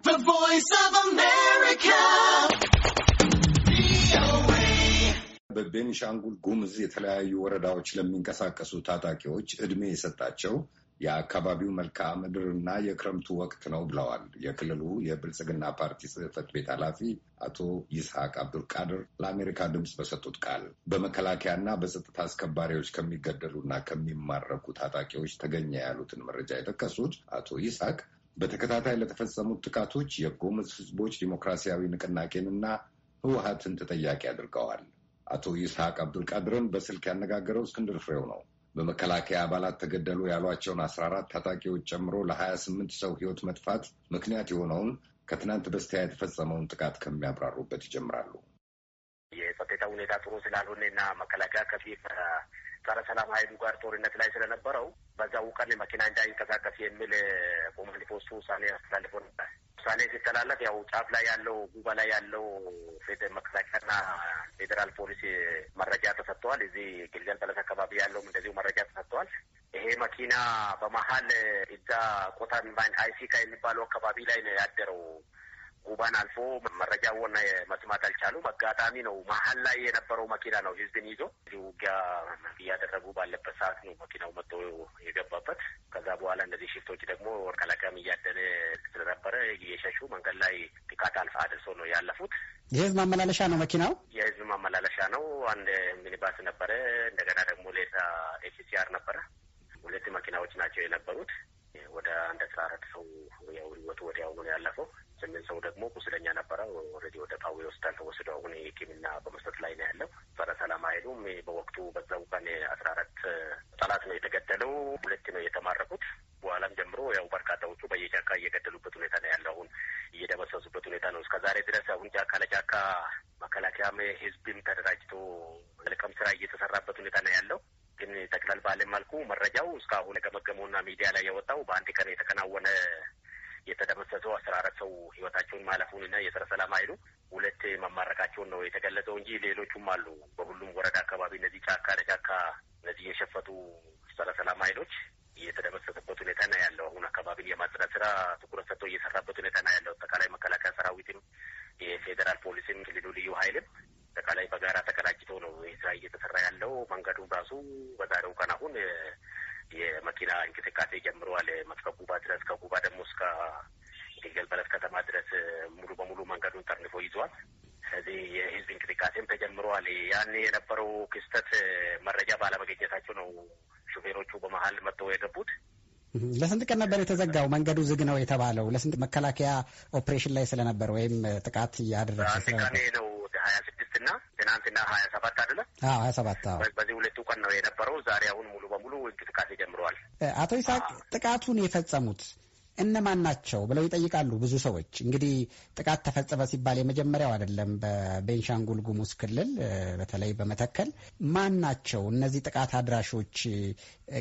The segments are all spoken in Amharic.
The Voice of America. በቤንሻንጉል ጉምዝ የተለያዩ ወረዳዎች ለሚንቀሳቀሱ ታጣቂዎች ዕድሜ የሰጣቸው የአካባቢው መልክዓ ምድርና የክረምቱ ወቅት ነው ብለዋል የክልሉ የብልጽግና ፓርቲ ጽሕፈት ቤት ኃላፊ አቶ ይስሐቅ አብዱልቃድር ለአሜሪካ ድምፅ በሰጡት ቃል በመከላከያና በጸጥታ አስከባሪዎች ከሚገደሉና ከሚማረኩ ታጣቂዎች ተገኘ ያሉትን መረጃ የጠቀሱት አቶ ይስሐቅ በተከታታይ ለተፈጸሙት ጥቃቶች የጎመዝ ህዝቦች ዲሞክራሲያዊ ንቅናቄንና ህወሀትን ተጠያቂ አድርገዋል። አቶ ይስሐቅ አብዱልቃድርን በስልክ ያነጋገረው እስክንድር ፍሬው ነው። በመከላከያ አባላት ተገደሉ ያሏቸውን አስራ አራት ታጣቂዎች ጨምሮ ለሀያ ስምንት ሰው ህይወት መጥፋት ምክንያት የሆነውን ከትናንት በስቲያ የተፈጸመውን ጥቃት ከሚያብራሩበት ይጀምራሉ። የጸጥታ ሁኔታ ጥሩ ስላልሆነ እና መከላከያ ከፊት ጸረ ሰላም ኃይሉ ጋር ጦርነት ላይ ስለነበረው በዛው ቀን መኪና እንዳይንቀሳቀስ የሚል ኮማንድ ፖስቱ ውሳኔ አስተላልፎ ነበር። ውሳኔ ሲተላለፍ ያው ጫፍ ላይ ያለው ጉባ ላይ ያለው መከላከያና ፌዴራል ፖሊስ መረጃ ተሰጥተዋል። እዚህ ግልገል በለስ አካባቢ ያለውም እንደዚሁ መረጃ ተሰጥተዋል። ይሄ መኪና በመሀል እዛ ቆታን ባይን አይሲካ የሚባለው አካባቢ ላይ ነው ያደረው ጉባን አልፎ መረጃውን መስማት አልቻሉ አጋጣሚ ነው መሀል ላይ የነበረው መኪና ነው ህዝብን ይዞ ውጊያ እያደረጉ ባለበት ሰዓት ነው መኪናው መጥቶ የገባበት። ከዛ በኋላ እነዚህ ሽፍቶች ደግሞ መከላከያም እያደነ ስለነበረ እየሸሹ መንገድ ላይ ጥቃት አልፋ አድርሶ ነው ያለፉት። የህዝብ ማመላለሻ ነው መኪናው፣ የህዝብ ማመላለሻ ነው። አንድ ሚኒባስ ነበረ፣ እንደገና ደግሞ ሌላ ኤችሲአር ነበረ። ሁለት መኪናዎች ናቸው የነበሩት። ወደ አንድ አስራ አራት ሰው ያው ህይወቱ ወዲያው ነው ያለፈው። ስምንት ሰው ደግሞ ቁስለኛ ነበረ። ኦልሬዲ ወደ ፓዊ ሆስፒታል ተወስዶ አሁን ሕክምና በመስጠት ላይ ነው ያለው። ጸረ ሰላም ኃይሉም በወቅቱ በዛው ቀን አስራ አራት ጠላት ነው የተገደለው፣ ሁለት ነው የተማረኩት። በኋላም ጀምሮ ያው በርካታዎቹ በየጫካ እየገደሉበት ሁኔታ ነው ያለው። አሁን እየደመሰሱበት ሁኔታ ነው እስከዛሬ ድረስ። አሁን ጫካ ለጫካ መከላከያም ህዝብም ተደራጅቶ መልቀም ስራ እየተሰራበት ሁኔታ ነው ያለው። ይህን ጠቅለል ባለ መልኩ መረጃው እስካሁን የገመገመውና ሚዲያ ላይ የወጣው በአንድ ቀን የተከናወነ የተደመሰሰው አስራ አራት ሰው ህይወታቸውን ማለፉንና የጸረ ሰላም ኃይሉ ሁለት መማረካቸውን ነው የተገለጸው እንጂ ሌሎቹም አሉ። በሁሉም ወረዳ አካባቢ እነዚህ ጫካ ለጫካ እነዚህ የሸፈቱ ጸረ ሰላም ኃይሎች የተደመሰሰበት ሁኔታ ነው ያለው። አሁን አካባቢን የማጽዳት ስራ ትኩረት ሰጥቶ እየሰራበት ሁኔታ ነው ያለው። አጠቃላይ መከላከያ ሰራዊትም፣ የፌዴራል ፖሊስም፣ ክልሉ ልዩ ኃይልም አጠቃላይ በጋራ ተቀላጭቶ ነው ይህ ስራ እየተሰራ ያለው። መንገዱን ራሱ በዛሬው ቀን አሁን የመኪና እንቅስቃሴ ጀምረዋል። መስከ ጉባ ድረስ ከጉባ ደግሞ እስከ በለስ ከተማ ድረስ ሙሉ በሙሉ መንገዱን ጠርንፎ ይዟል። ስለዚህ የህዝብ እንቅስቃሴም ተጀምረዋል። ያን የነበረው ክስተት መረጃ ባለመገኘታቸው ነው ሹፌሮቹ በመሀል መጥተው የገቡት። ለስንት ቀን ነበር የተዘጋው? መንገዱ ዝግ ነው የተባለው ለስንት መከላከያ ኦፕሬሽን ላይ ስለነበር ወይም ጥቃት እያደረሰ ነው ሀያ እና ትናንትና ሀያ ሰባት አደለ? አዎ ሀያ ሰባት አዎ። በዚህ ሁለቱ ቀን ነው የነበረው። ዛሬ አሁን ሙሉ በሙሉ እንቅስቃሴ ጀምረዋል። አቶ ይስሐቅ ጥቃቱን የፈጸሙት እነማን ናቸው ብለው ይጠይቃሉ ብዙ ሰዎች። እንግዲህ ጥቃት ተፈጸመ ሲባል የመጀመሪያው አይደለም። በቤንሻንጉል ጉሙዝ ክልል በተለይ በመተከል ማን ናቸው እነዚህ ጥቃት አድራሾች?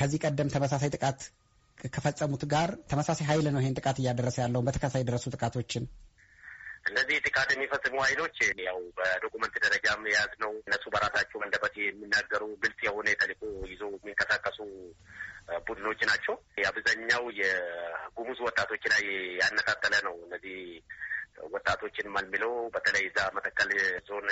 ከዚህ ቀደም ተመሳሳይ ጥቃት ከፈጸሙት ጋር ተመሳሳይ ኃይል ነው ይህን ጥቃት እያደረሰ ያለውን በተከሳይ የደረሱ ጥቃቶችን እነዚህ ጥቃት የሚፈጽሙ ኃይሎች ያው በዶኩመንት ደረጃም የያዝ ነው። እነሱ በራሳቸው መንደበት የሚናገሩ ግልጽ የሆነ ተልዕኮ ይዞ የሚንቀሳቀሱ ቡድኖች ናቸው። አብዛኛው የጉሙዝ ወጣቶች ላይ ያነጣጠለ ነው። እነዚህ ወጣቶችን ማልሚለው በተለይ እዛ መተከል ዞን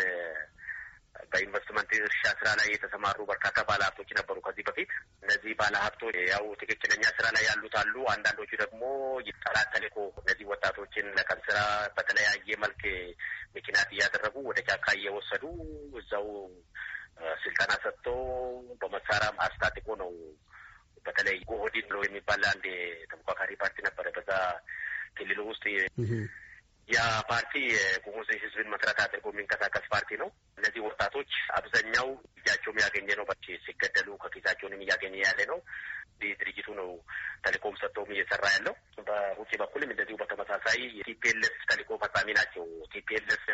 በኢንቨስትመንት እርሻ ስራ ላይ የተሰማሩ በርካታ ባለሀብቶች ነበሩ ከዚህ በፊት። እነዚህ ባለሀብቶች ያው ትክክለኛ ስራ ላይ ያሉት አሉ፣ አንዳንዶቹ ደግሞ ጠላት ተልዕኮ እነዚህ ወጣቶችን ለቀን ስራ በተለያየ መልክ ምክንያት እያደረጉ ወደ ጫካ እየወሰዱ እዛው ስልጠና ሰጥቶ በመሳሪያም አስታጥቆ ነው። በተለይ ጎሆዲን ብሎ የሚባል አንድ ተፎካካሪ ፓርቲ ነበረ በዛ ክልል ውስጥ ያ ፓርቲ የጉሙዝ ህዝብን መሰረት አድርጎ የሚንቀሳቀስ ፓርቲ ነው። እነዚህ ወጣቶች አብዛኛው እጃቸውም ያገኘ ነው፣ ሲገደሉ ከኪሳቸውንም እያገኘ ያለ ነው። ድርጅቱ ነው ተልእኮም ሰጥቶም እየሰራ ያለው። በውጭ በኩልም እንደዚሁ በተመሳሳይ ቲፒኤልኤፍ ተልእኮ ፈጻሚ ናቸው። ቲፒኤልኤፍ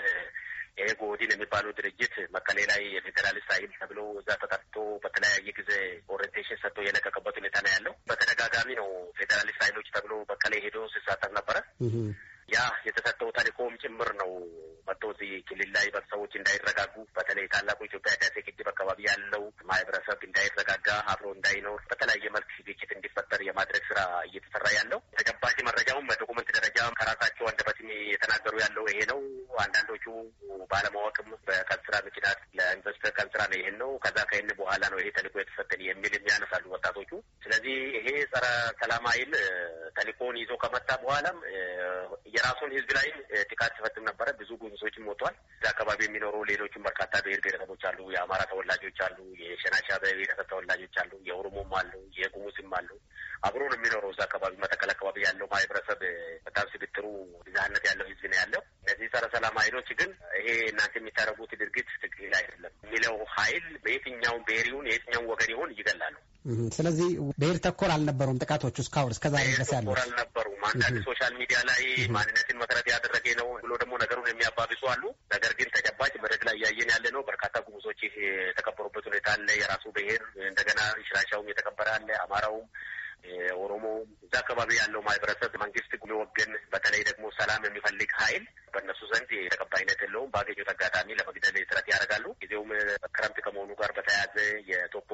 ይሄ ጎዲን የሚባለው ድርጅት መቀሌ ላይ የፌዴራሊስት ኃይል ተብሎ እዛ ተጠርቶ በተለያየ ጊዜ ኦሪንቴሽን ሰጥቶ የለቀቀበት ሁኔታ ነው ያለው። በተደጋጋሚ ነው ፌዴራሊስት ኃይሎች ተብሎ መቀሌ ሄዶ ሲሳተፍ ነበረ። ያ የተሰጠው ተልእኮም ጭምር ነው መጥቶ እዚህ ክልል ላይ ሰዎች እንዳይረጋጉ በተለይ ታላቁ ኢትዮጵያ ህዳሴ ግድብ አካባቢ ያለው ማህበረሰብ እንዳይረጋጋ አብሮ እንዳይኖር በተለያየ መልክ ግጭት እንዲፈጠር የማድረግ ስራ እየተሰራ ያለው ተጨባጭ መረጃውም በዶኩመንት ደረጃ ከራሳቸው አንደበትም የተናገሩ ያለው ይሄ ነው። አንዳንዶቹ ባለማወቅም በቀን ስራ ምክንያት ለኢንቨስተር ቀን ስራ ነው ይሄን ነው ከዛ ከይን በኋላ ነው ይሄ ተልእኮ የተሰጠን የሚል የሚያነሳሉ ወጣቶቹ። ስለዚህ ይሄ ጸረ ሰላም ኃይል ተልእኮውን ይዞ ከመጣ በኋላም የራሱን ህዝብ ላይ ጥቃት ሲፈጽም ነበረ። ብዙ ጉንሶችም ወጥቷል። እዚ አካባቢ የሚኖሩ ሌሎችም በርካታ ብሔር ብሔረሰቦች አሉ። የአማራ ተወላጆች አሉ። የሸናሻ ብሔረሰብ ተወላጆች አሉ። የኦሮሞም አሉ። የጉሙዝም አሉ። አብሮ ነው የሚኖረው እዛ አካባቢ መተከል አካባቢ ያለው ማህበረሰብ በጣም ስብጥሩ ብዝሃነት ያለው ህዝብ ነው ያለው። እነዚህ ጸረ ሰላም ኃይሎች ግን ይሄ እናንተ የሚታደረጉት ድርጊት ትክክል አይደለም የሚለው ኃይል በየትኛውን ብሔር ይሁን የየትኛውን ወገን ይሁን ይገላሉ። ስለዚህ ብሔር ተኮር አልነበሩም ጥቃቶቹ እስካሁን እስከዛሬ ድረስ ያለ ተኮር አልነበሩ ማንዳንድ ሶሻል ሚዲያ ላይ ማንነትን መሰረት ያደረገ ነው ብሎ ደግሞ ነገሩን የሚያባብሱ አሉ። ነገር ግን ተጨባጭ መድረክ ላይ እያየን ያለ ነው። በርካታ ጉሙዞች የተከበሩበት ሁኔታ አለ። የራሱ ብሔር እንደገና ሽራሻውም የተከበረ አለ። አማራውም የኦሮሞ እዛ አካባቢ ያለው ማህበረሰብ መንግስት የሚወገን በተለይ ደግሞ ሰላም የሚፈልግ ሀይል በእነሱ ዘንድ የተቀባይነት የለውም። ባገኙት አጋጣሚ ለመግደል ጥረት ያደርጋሉ። ጊዜውም ክረምት ከመሆኑ ጋር በተያያዘ የቶፖ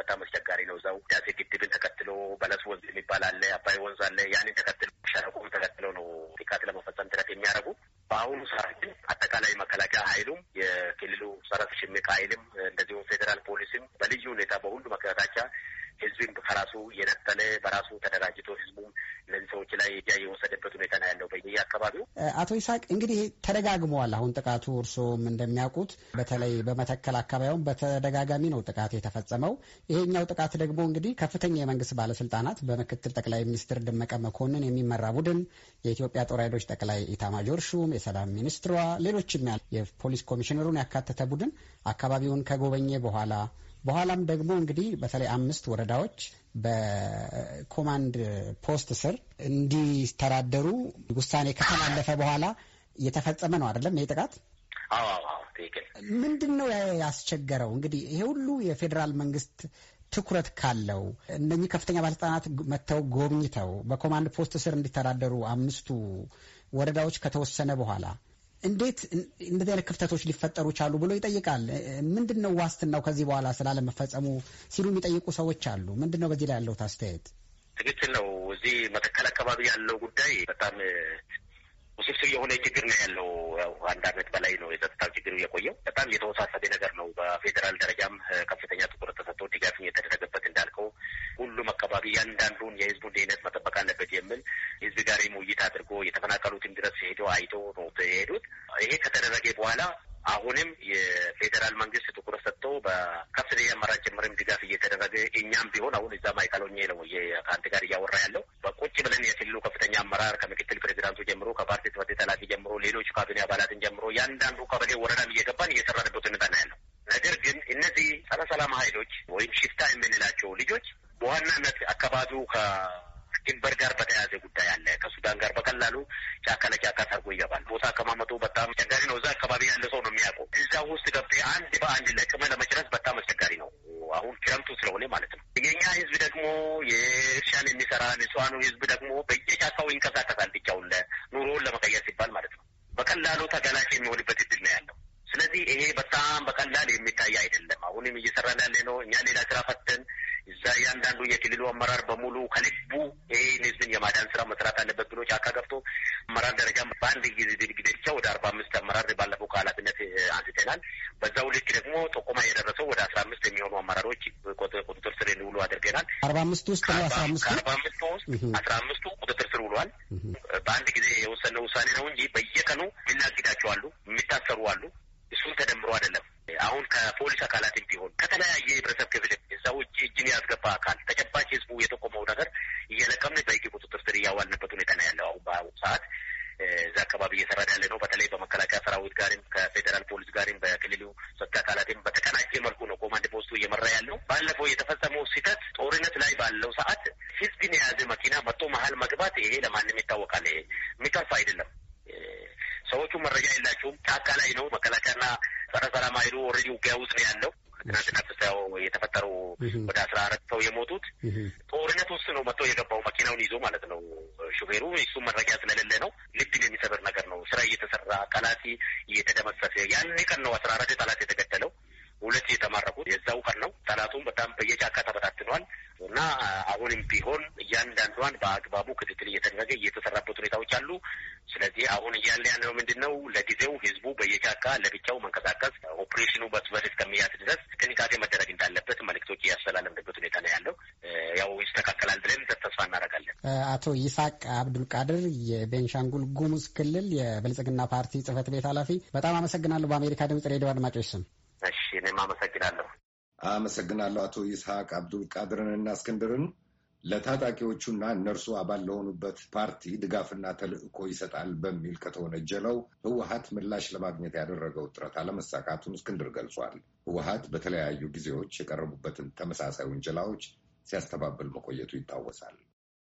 በጣም አስቸጋሪ ነው። እዛው ዳሴ ግድብን ተከትሎ በለስ ወንዝ የሚባል አለ፣ አባይ ወንዝ አለ። ያንን ተከትሎ ሸረቁም ተከትሎ ነው ጥቃት ለመፈጸም ጥረት የሚያደርጉ። በአሁኑ ሰዓት ግን አጠቃላይ መከላከያ ሀይሉም የክልሉ ጸረ ሽምቅ ሀይልም እንደዚሁም ፌዴራል ፖሊስም በልዩ ሁኔታ በሁሉ መከታቻ ህዝብም ከራሱ እየነጠለ በራሱ ተደራጅቶ ህዝቡም እነዚህ ሰዎች ላይ እጃ የወሰደበት ሁኔታ ነው ያለው በየአካባቢው። አቶ ይስሐቅ እንግዲህ ተደጋግመዋል። አሁን ጥቃቱ እርስዎም እንደሚያውቁት በተለይ በመተከል አካባቢውም በተደጋጋሚ ነው ጥቃት የተፈጸመው። ይሄኛው ጥቃት ደግሞ እንግዲህ ከፍተኛ የመንግስት ባለስልጣናት በምክትል ጠቅላይ ሚኒስትር ደመቀ መኮንን የሚመራ ቡድን የኢትዮጵያ ጦር ኃይሎች ጠቅላይ ኢታማጆር ሹም፣ የሰላም ሚኒስትሯ፣ ሌሎችም የፖሊስ ኮሚሽነሩን ያካተተ ቡድን አካባቢውን ከጎበኘ በኋላ በኋላም ደግሞ እንግዲህ በተለይ አምስት ወረዳዎች በኮማንድ ፖስት ስር እንዲተዳደሩ ውሳኔ ከተላለፈ በኋላ እየተፈጸመ ነው አይደለም ይህ ጥቃት? ምንድን ነው ያስቸገረው? እንግዲህ ይሄ ሁሉ የፌዴራል መንግስት ትኩረት ካለው እነኚህ ከፍተኛ ባለስልጣናት መጥተው ጎብኝተው በኮማንድ ፖስት ስር እንዲተዳደሩ አምስቱ ወረዳዎች ከተወሰነ በኋላ እንዴት እንደዚህ አይነት ክፍተቶች ሊፈጠሩ ቻሉ ብሎ ይጠይቃል። ምንድን ነው ዋስትናው ከዚህ በኋላ ስላለመፈጸሙ ሲሉ የሚጠይቁ ሰዎች አሉ። ምንድን ነው በዚህ ላይ ያለው አስተያየት? ትክክል ነው። እዚህ መተከል አካባቢ ያለው ጉዳይ በጣም ውስብስብ የሆነ ችግር ነው ያለው። ያው አንድ አመት በላይ ነው የጸጥታው ችግር የቆየው። በጣም የተወሳሰበ ነገር ነው። በፌዴራል ደረጃም ከፍተኛ ትኩረት ተሰጥቶ ድጋፍ የተደረገበት እንዳልከው ሁሉም አካባቢ ያንዳንዱን የህዝቡን ደህንነት መጠበቅ አለበት የሚል ህዝብ ጋር ውይይት አድርጎ የተፈናቀሉትን ድረስ ሄዶ አይቶ ነው የሄዱት። ይሄ ከተደረገ በኋላ አሁንም የፌዴራል መንግስት ትኩረት ሰጥቶ በከፍተኛ አመራር ጭምርም ድጋፍ እየተደረገ እኛም ቢሆን አሁን እዛ ማይካሎኜ ነው ከአንተ ጋር እያወራ ያለው በቁጭ ብለን የክልሉ ከፍተኛ አመራር ከምክትል ፕሬዚዳንቱ ጀምሮ ከፓርቲ ጽሕፈት ቤት ኃላፊ ጀምሮ ሌሎች ካቢኔ አባላትን ጀምሮ ያንዳንዱ ቀበሌ ወረዳም እየገባን እየሰራንበት እንጠና ያለው ነገር ግን እነዚህ ጸረ ሰላም ኃይሎች ወይም ሽፍታ የምንላቸው ልጆች በዋናነት አካባቢው ከድንበር ጋር በተያያዘ ጉዳይ አለ። ከሱዳን ጋር በቀላሉ ጫካ ለጫካ ሰርጎ ይገባል። ቦታ አቀማመጡ ለቅመ ለመጨረስ በጣም አስቸጋሪ ነው። አሁን ክረምቱ ስለሆነ ማለት ነው። የኛ ህዝብ ደግሞ የእርሻን የሚሰራ ንጹሃኑ ህዝብ ደግሞ በየጫካው ይንቀሳቀሳል ብቻውን ለኑሮውን ለመቀየር ሲባል ማለት ነው። በቀላሉ ተጋላጭ የሚሆንበት እድል ነው ያለው። ስለዚህ ይሄ በጣም በቀላል የሚታይ አይደለም። አሁንም እየሰራን ያለ ነው። እኛ ሌላ ስራ ፈተን እዛ እያንዳንዱ የክልሉ አመራር በሙሉ ከልቡ ይህን ህዝብን የማዳን ስራ መስራት አለበት ብሎ ጫካ ገብቶ አመራር ደረጃ በአንድ ጊዜ ብቻ ወደ አርባ አምስት አመራር ባለፈው ከኃላፊነት አንስተናል። አርባ አምስቱ ውስጥ ነው አስራ አምስቱ ከአርባ አምስቱ ውስጥ አስራ አምስቱ ቁጥጥር ስር ውሏል። በአንድ ጊዜ የወሰነ ውሳኔ ነው እንጂ በየቀኑ የሚናግዳቸው አሉ፣ የሚታሰሩ አሉ። እሱን ተደምሮ አይደለም። አሁን ከፖሊስ አካላት እየመራ ያለው ባለፈው የተፈጸመው ስህተት ጦርነት ላይ ባለው ሰዓት ህዝብን የያዘ መኪና መጥቶ መሀል መግባት ይሄ ለማንም ይታወቃል። ይሄ የሚቀርፍ አይደለም። ሰዎቹ መረጃ የላቸውም። ጫካ ላይ ነው። መከላከያና ጸረ ሰላም ኃይሉ ኦልሬዲ ውጊያ ውስጥ ነው ያለው። ትናንትና ፍስያው የተፈጠሩ ወደ አስራ አራት ሰው የሞቱት ጦርነት ውስጥ ነው መጥቶ የገባው መኪናውን ይዞ ማለት ነው። ሹፌሩ እሱም መረጃ ስለሌለ ነው። ልብን የሚሰብር ነገር ነው። ስራ እየተሰራ ጠላት እየተደመሰሰ ያን ቀን ነው አስራ አራት ጠላት የተገደ ሁለት የተማረኩት የዛው ቀን ነው። ጠላቱም በጣም በየጫካ ተበታትኗል እና አሁንም ቢሆን እያንዳንዷን በአግባቡ ክትትል እየተደረገ እየተሰራበት ሁኔታዎች አሉ። ስለዚህ አሁን እያለ ያለው ምንድን ነው? ለጊዜው ህዝቡ በየጫካ ለብቻው መንቀሳቀስ ኦፕሬሽኑ በስበት እስከሚያዝ ድረስ ጥንቃቄ መደረግ እንዳለበት መልዕክቶች እያስተላለፍንበት ሁኔታ ነው ያለው። ያው ይስተካከላል ብለን ተስፋ እናደርጋለን። አቶ ይስሐቅ አብዱልቃድር የቤንሻንጉል ጉሙዝ ክልል የብልጽግና ፓርቲ ጽህፈት ቤት ኃላፊ፣ በጣም አመሰግናለሁ። በአሜሪካ ድምጽ ሬዲዮ አድማጮች ስም እሺ፣ እኔም አመሰግናለሁ። አመሰግናለሁ አቶ ይስሐቅ አብዱልቃድርንና እስክንድርን ለታጣቂዎቹና እነርሱ አባል ለሆኑበት ፓርቲ ድጋፍና ተልዕኮ ይሰጣል በሚል ከተወነጀለው ህወሀት ምላሽ ለማግኘት ያደረገው ጥረት አለመሳካቱን እስክንድር ገልጿል። ህወሀት በተለያዩ ጊዜዎች የቀረቡበትን ተመሳሳይ ውንጀላዎች ሲያስተባብል መቆየቱ ይታወሳል።